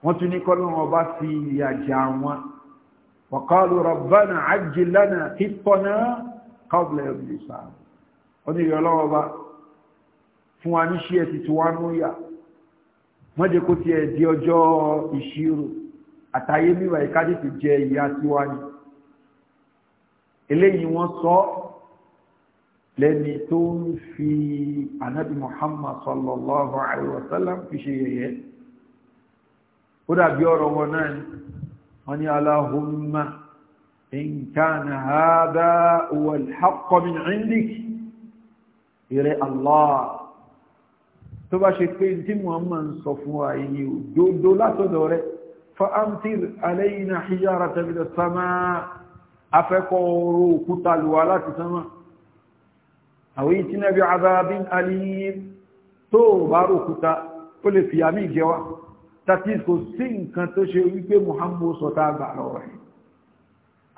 wọ́n tún ní kọ́lọ̀wọ̀ bá fi ìyàjà wọn wa qalu Rabbana ajjil lana qitana qabla yawm al-hisab bá fún wa ní ẹ̀ tuntun wa nú yà mọ́jẹ́ kó tiẹ̀ di ọjọ́ ìṣirò àtàyé bíbà ìkádì ti jẹ ìyá tiwa ni eléyìí wọ́n sọ lẹ́ni tó ń fi ànábì Muhammad sallallahu alaihi wasallam fi ṣe yẹ̀yẹ́ ó dàbí ọ̀rọ̀ wọn náà ni wọ́n ní Allahumma in kana hadha huwa al indik ìrẹ́ Allah tó bá ṣe pé tí Muhammad sọ fún wa yìí látọ̀dọ̀ rẹ̀ fa'amtir alayna hijarata min as-samaa afẹ́kọ̀ ọrọ̀ òkúta lùwà láti sánmà àwọn ìtínà bí azabin alim tó bá rọ̀kúta ó lè fi àmì ìjẹwa tàbí kò sí nǹkan tó ṣe wípé muhammadu sọta àgbà lọ rẹ̀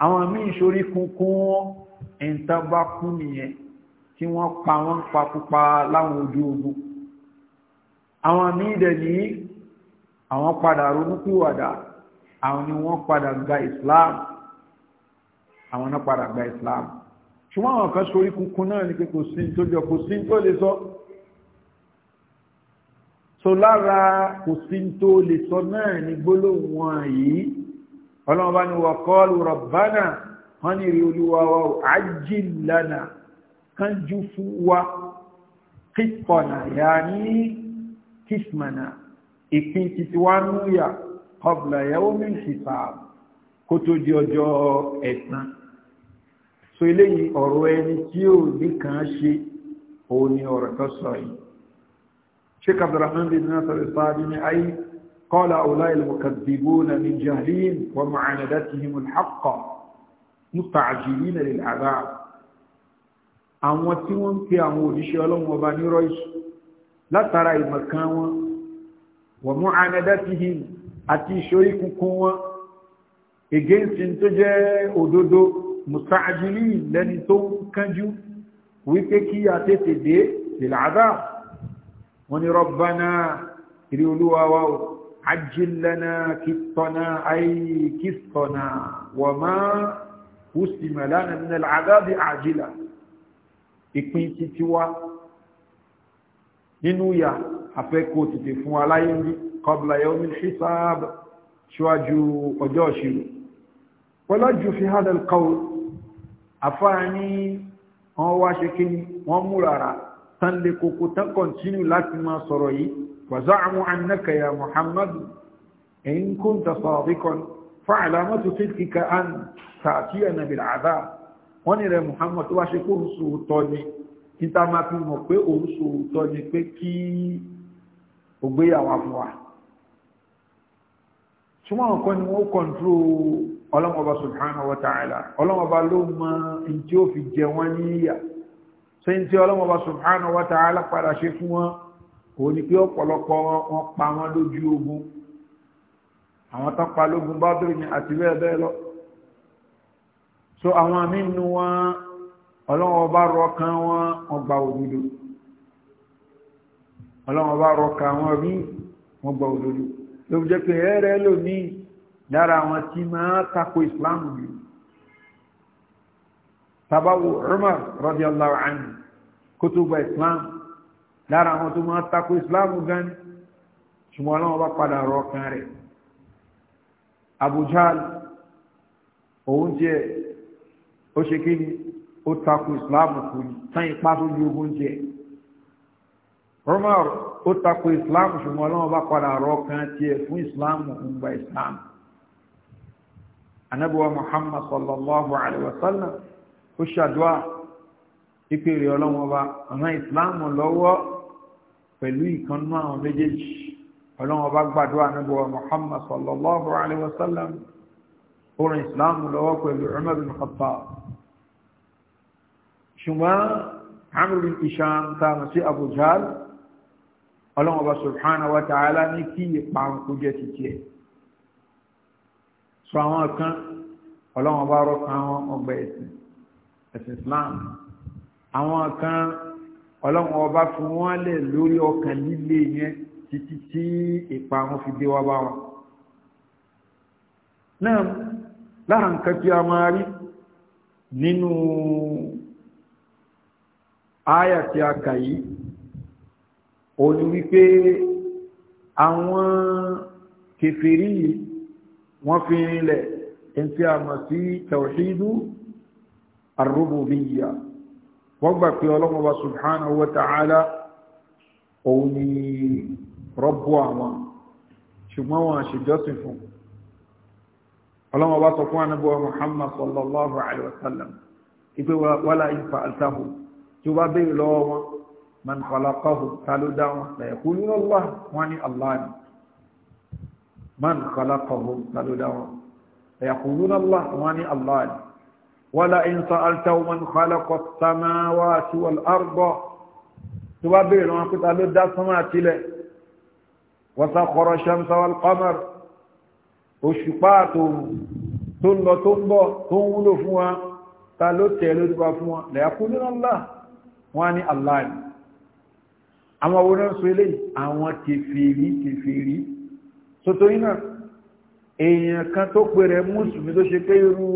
àwọn àmì ìṣorí kúnkún ìntàbákún nìyẹn tí wọ́n pa wọ́n papúpa láwọn ojú ogun àwọn àmì ìdẹ̀ nìyí àwọn padà ronúpìwàdà àwọn ni wọ́n padà gba islam àwọn náà padà gba islam ṣùgbọ́n àwọn kan sórí kunkun náà ni pé kò sí tó jọ kò sí tó lè sọ so lára kò sí tó lè sọ náà ni gbólóhùn yìí ọlọ́run bá ní wa qalu wọ́n ní rí olúwa wa kánjú fún wa qitana yani kismana ìpín títí wá núyà qabla yawmin hisab kó tó di ọjọ́ ẹ̀san so eléyìí ọ̀rọ̀ ẹni tí ò ní kàn ṣe òun ni ọ̀rọ̀ tó sọ yìí sheikh abdulrahman bin nasir saadi ni ayi qala ulai al-mukaththibuna min jahlihim wa mu'anadatihim al-haqq musta'jilina lil-'adab àwọn tí wọ́n ń pe àwọn òjíṣẹ́ ọlọ́run ọba nírọ́ yìí látara ìmọ̀kan wọn wọ́n mú anadatihi àti ìṣòrí kunkun wọn against tó jẹ́ òdodo mùsàájìlì lẹ́ni tó ń kánjú wípé kí a tètè dé ìlàdá wọn ni rọ́bánà ìrí olúwa wa o ajìlẹ́nà kìtọ̀nà àìkìtọ̀nà wọ́n máa hùsìmọ̀ lánàá nínú ìlàdá bí àjìlá ìpín títí wa nínú ìyà afẹ́kọ́ tètè fún aláyé ń bí qabla yawmin hisab ṣíwájú ọjọ́ ìṣirò wala ju fi hada al-qawl àfáàní wọn wá ṣe kí wọ́n múrara tán lè kókó tán kọ̀ntínú láti máa sọ̀rọ̀ yìí wa za'amu annaka ya Muhammad in kunta sadiqan fa'alamatu sidqika an ta'tiyana bil'adhab wọ́n ni rẹ̀ Muhammad wá ṣe kó rùsù tọ́ ni níta máa fi mọ̀ pé òun sòótọ́ ni pé kí ògbéyàwó àfọwà ṣùgbọ́n àwọn kan ni wọ́n kọ̀ǹtró ọlọ́mọba subhanahu wa ta'ala ọlọ́mọba ló mọ in tí ó fi jẹ wọ́n ní ìyà ṣe ń tí ọlọ́mọba subhanahu wa ta'ala padà ṣe fún wọn kò ní pé ọ̀pọ̀lọpọ̀ wọn pa wọn lójú ogun àwọn tó pa lógun bá dúró ní àti bẹ́ẹ̀ bẹ́ẹ̀ lọ so àwọn amínú wọn ọlọ́wọ́n bá rọ kan wọn wọn gba òdodo ọlọ́wọ́n bá rọ kan wọn rí wọn gba òdodo ló fi jẹ́ pé ẹ̀rẹ́ lónìí lára àwọn tí máa tako Islam yìí tabawo Umar radiyallahu anhu kó tó gba Islam lára àwọn tó máa tako Islam gan ṣùgbọ́n ọlọ́wọ́n bá padà rọ kan rẹ̀ Abu òun jẹ́ ó ṣe kí ni ó takò ìsìláàmù kò ní tán ipá tó ní ogún jẹ Umar ó takò ìsìláàmù ṣùgbọ́n ọlọ́wọ́n bá padà rọ kan tiẹ̀ fún ìsìláàmù ń gba ìsìláàmù anabuwa Muhammad sallallahu alaihi wa sallam ó ṣàdúrà ìpèrè ọlọ́wọ́n bá ọ̀nà ìsìláàmù lọ́wọ́ pẹ̀lú ìkànnú àwọn méjèèjì ọlọ́wọ́n bá gbàdúrà anabuwa Muhammad sallallahu alaihi wa sallam ó rìn ìsìláàmù lọ́wọ́ pẹ̀lú Umar bin ṣùgbọ́n amúlù ìṣàn tá a mọ̀ sí Abu Jahl ọlọ́run ọba subhanahu wa ta'ala ní kí ìparun kó jẹ́ ti tiẹ̀ sọ àwọn kan ọlọ́run ọba rọ́kan àwọn ọgbà ẹ̀sìn ẹ̀sìn Islam àwọn kan ọlọ́run ọba fún wọn lẹ̀ lórí ọkàn líle yẹn títí tí ìparun fi dé wá bá wọn náà lára nǹkan tí a máa rí àyà tí a kà yìí ó ní wípé àwọn kèfèrí wọ́n fi rinlẹ̀ ẹni tí a mọ̀ sí tawhidu ar-rububiyya wọ́n gbà pé ọlọ́mọba subhanahu wa ta'ala òun ni rọ́bù àwọn ṣùgbọ́n wọn ṣèjọ́sìn fún ọlọ́mọba sọ fún anábọ́wà tí ó bá béèrè lọ́wọ́ wọn man khalaqahu ta ló dá wọn lẹ́yẹ̀kú ní ọlọ́ wọn ní allah ni man khalaqahu ta ló dá wọn lẹ́yẹ̀kú ní ọlọ́ wọn ní allah ni wala in sa'altahu man khalaqa as-samawati wal arda tó bá béèrè lọ́wọ́ pé ta ló dá sánmà àtilẹ̀ wa sakhkhara ash-shamsa wal qamar òṣùpá àtòrùn tó ń lọ tó ń bọ̀ tó ń wúlò fún wa ta ló tẹ̀ lórí wa fún wa lẹ́yẹ̀kú ní ọlọ́ wọ́n ní Allah ni àwọn owó náà sọ eléyìí àwọn kèfèrí kèfèrí sótó iná èèyàn kan tó pèrè mùsùlùmí tó ṣe pé irú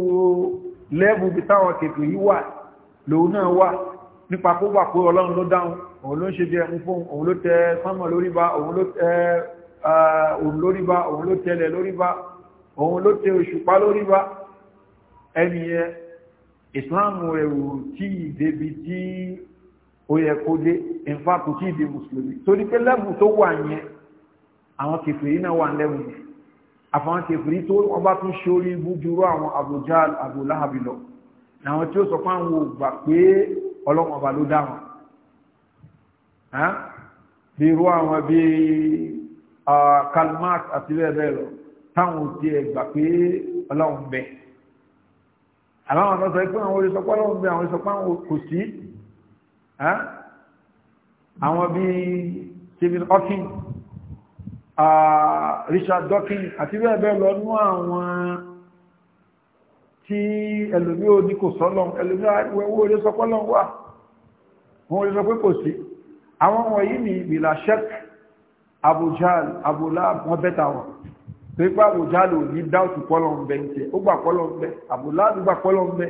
lẹ́bù bí táwọn kèfèrí wà lòun náà wà nípa kó wà pé ọlọ́run ló dáhùn òun ló ṣe jẹ fún òun ló tẹ sánmọ̀ lórí ba òun ló tẹ òun ba òun ló ba òun ló tẹ òṣùpá lórí ba ẹnìyẹn ìsìláàmù rẹ̀ ò tí ì tí ó yẹ kó dé nfa kò tí ì di mùsùlùmí torí pé lẹ́bù tó wà yẹn àwọn kèfèrí náà wà lẹ́bù yẹn àfàwọn kèfèrí tó wọ́n bá tún ṣorí ibú jurú àwọn Abu Jahl Abu Lahab lọ làwọn tí ó sọ fún àwọn ògbà pé ọlọ́run ọba ló dá wọn bí irú àwọn bí Karl àti bẹ́ẹ̀ bẹ́ẹ̀ lọ táwọn ti ẹ̀ gbà pé ọlọ́run bẹ àbáwọn sọ pé àwọn olùsọpọ̀ ọlọ́run bẹ àwọn olùsọpọ̀ àwọn kò sí àwọn bíi Stephen Hawking Richard Dawkins àti bẹ́ẹ̀ bẹ́ẹ̀ lọ nú àwọn tí ẹlòmí ò ní kò sọ́lọ̀ ẹlòmí owó orí sọpọ́lọ̀ wà wọ́n orí sọ pé kò sí àwọn wọ̀nyí ni ìbìlà shek abujal abulab wọ́n bẹ́ta wọn pípa abujal ò ní dáùtù pọ́lọ̀ ń bẹ́ ń tẹ́ ó gbà pọ́lọ̀ ń bẹ́ abulab gbà pọ́lọ̀ ń bẹ́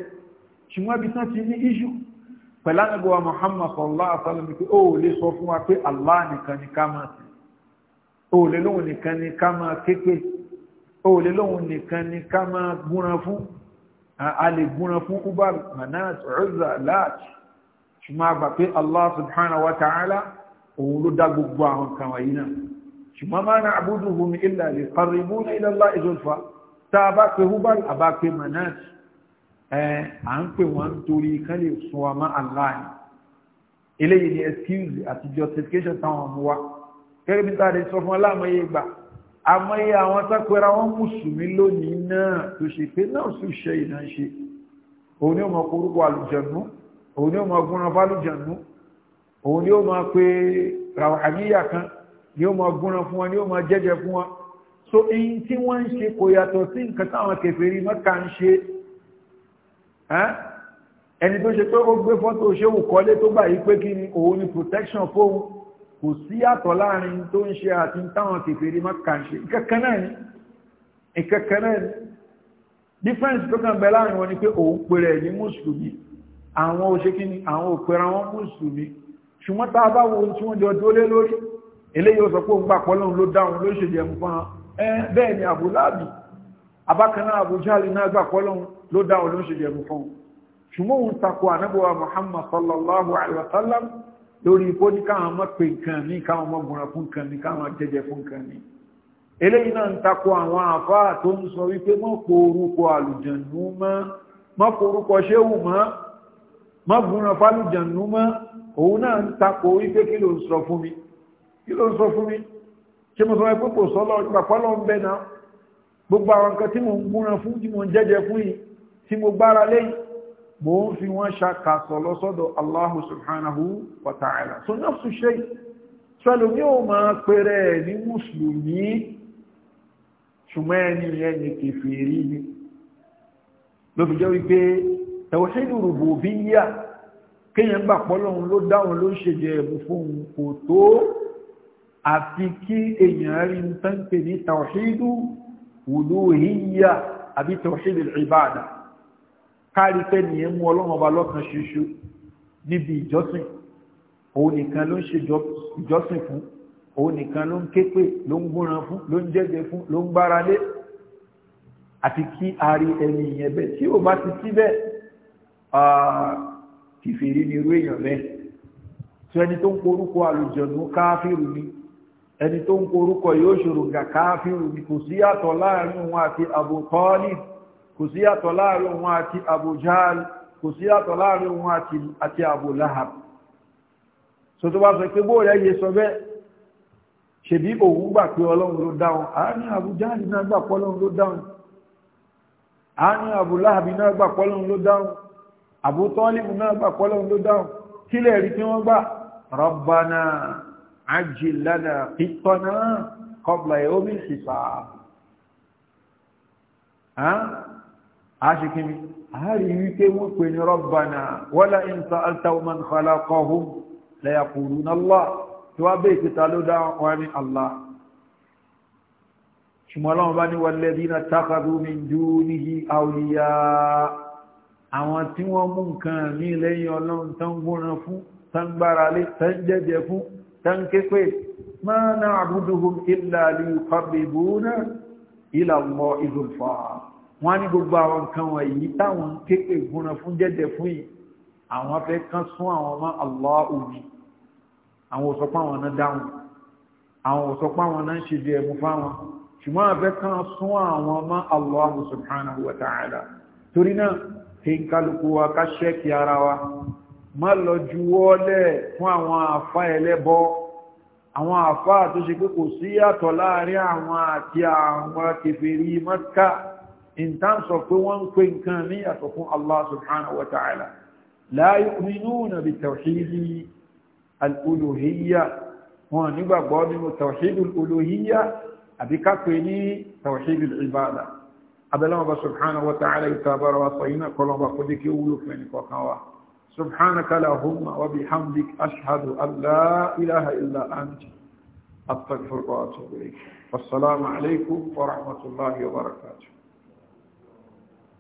ṣùgbọ́n ibi tán ti ní issue pẹ̀lú àgbẹ̀wà Muhammad sallallahu alaihi wasallam pé ó lè sọ fún wa pé Allah nìkan ni ká máa sìn ó lè lóhun nìkan ni ká máa képe ó lè lóhun nìkan ni ká máa gúnra fún a lè gúnra fún ubar manat Uzza Lat ṣùgbọ́n a gbà pé Allah subhanahu wa ta'ala òun ló dá gbogbo àwọn nǹkan wọ̀nyí náà ṣùgbọ́n ma na'buduhum illa liqarribuna ila Allahi zulfa tá a bá pe ubar a bá pe manat à ń pè wọ́n torí kán lè sun ọmọ aláàní eléyìí ni excuse àti justification táwọn mú wa kẹ́rì bí táà lè sọ fún aláàmọ́yé gbà àmọ́yé àwọn tápẹ́ra wọn mùsùlùmí lónìí náà tó ṣe pé náà sùn ṣe ìná ṣe òun ni ó mọ korúkọ àlùjọ̀nú òun ni ó mọ gúnran fálùjọ̀nú òun ni ó mọ pé ràwàníyà kan ni ó mọ gúnran fún wọn ni ó mọ jẹ́jẹ́ fún wọn so èyí tí wọ́n ń ṣe kò yàtọ̀ sí nǹkan táwọn kèfèrí Mẹ́kà ń ṣe ẹni tó ṣe pé ó gbé fọ́tò ṣéwù kọ́lé tó gbà yìí pé kí ni òun ni protection fóun kò sí àtọ̀ láàrin tó ń ṣe àti táwọn kèfèrè má kà ń ṣe ìkẹ́kẹ́ náà ni ìkẹ́kẹ́ náà ni difference tó kàn bẹ láàrin wọn ni pé òun pèrè ní mùsùlùmí àwọn òṣèkí ni àwọn òpèrè àwọn mùsùlùmí ṣùgbọ́n tá a bá wo ohun tí wọ́n jọ dólé lórí eléyìí ó sọ pé òun gbà pọ́ lóun ló dáhùn ló ṣèjẹun fún wọn bẹ́ẹ̀ ni àbúláàbì abákanáà àbújáàlì náà gbà pọ́ lóun ló dá olóṣè jẹ̀bù fún un ṣùgbọ́n òun takò ànábọ̀wá Muhammad sallallahu alaihi wa sallam lórí ipò ní káwọn ọmọ pè nǹkan ní káwọn ọmọ bùnà fún nǹkan ní káwọn jẹjẹ fún nǹkan ní eléyìí náà ń takò àwọn àfáà tó ń sọ wípé mọ́ kó orúkọ àlùjànnú mọ́ mọ́ kó orúkọ ṣéwù mọ́ mọ́ bùnà fálùjànnú mọ́ òun náà ń takò wípé kí ló ń sọ fún mi kí ló ń sọ fún mi ṣe mo sọ pé kò sọ́lọ́ ìgbàpọ́lọ́ ń bẹ náà gbogbo àwọn nǹkan tí mò ń gbúra fún tí mò ń jẹ́jẹ fún yìí tí mo gbára lé mo ń fi wọ́n ṣàkàsọ̀ lọ́sọ́dọ̀ Allahu subhanahu wa ta'ala so nafsu shay sọlùmí ò máa pèrè ní mùsùlùmí ṣùgbọ́n ẹni yẹn ni kèfèrí ni ló fi jẹ́ wípé tawhidu rububiyya kéèyàn gbà pọ́lọ́hun ló dáhùn ló ń ṣèjẹ́ ẹ̀bù fóun kò tó àfi kí èèyàn rí ń tán pè ní tawhidu uluhiyya àbí tawhidul ibada kárí pé nìyẹn mú ọlọ́run ọba lọ́kan ṣoṣo níbi ìjọsìn òun nìkan ló ń ṣe ìjọsìn fún òun nìkan ló ń ké pè ló ń gúnran fún ló ń jẹ́jẹ́ fún ló ń gbára àti kí a rí ẹni ìyẹn bẹ́ẹ̀ tí ò bá ti sí bẹ́ẹ̀ kìfèrí ni irú èèyàn bẹ́ẹ̀ tí ẹni tó ń porúkọ àlùjọ̀nù káfíìrù ni ẹni tó ń porúkọ yóò ṣòro gà káfíìrù ni kò sí yàtọ̀ láàrin òun àti Abu Talib kò sí yàtọ̀ láàrin òun àti Abu Jahl kò sí yàtọ̀ láàrin òun àti Abu Lahab so tó bá sọ pé bóòrẹ́ yẹ sọ bẹ́ẹ̀ ṣèbí òun gbà pé ọlọ́run ló dáhùn àárín Abu náà gbà pé ló dáhùn àárín Abu náà gbà pé ló dáhùn Abu náà gbà pé ló dáhùn kílẹ̀ rí tí wọ́n gbà Rabbana ajil lana qitana qabla yawmil hisab aṣíkíní àárí wípé wọ́n pè ní rọ́bànà wọ́lá in sa'alta man khalaqahum la yaquluna Allah tí wá bèé ti ta ló dá wọn ní Allah ṣùgbọ́n bá ní walladhina takhadhu min dunihi awliya àwọn tí wọ́n mú nǹkan ní lẹ́yìn ọlọ́run tán gbóran wọ́n á ní gbogbo àwọn nǹkan wọ̀nyí táwọn kéèké gúnra fún jẹ́jẹ́ fún yìí àwọn afẹ́ kan sún àwọn ọmọ Allah òbí àwọn òsọpá àwọn náà dáhùn àwọn òsọpá àwọn náà ń ṣe jẹ ẹ̀mú fáwọn ṣùgbọ́n afẹ́ kan sún àwọn ọmọ Allah subhanahu wa ta'ala torí náà tí ń kálukú wa ká ṣẹ́kì ara wa má lọ juwọ́lẹ̀ fún àwọn àfá ẹlẹ́bọ àwọn àfá tó pé kò sí yàtọ̀ láàrin àwọn àti àwọn kèfèrí Mákkà in terms of pé wọ́n ń pè nǹkan ní yàtọ̀ fún Allah subhanahu wa ta'ala la yu'minuna bi tawhidi al-uluhiyya wọn nígbàgbọ́ nínú tawhidi al-uluhiyya àbí ká pè ní tawhidi al-ibada subhanahu wa ta'ala ìtàbára wa sọ yínà سبحانك اللهم وبحمدك أشهد أن لا إله إلا أنت أستغفرك وأتوب إليك عليكم ورحمة الله وبركاته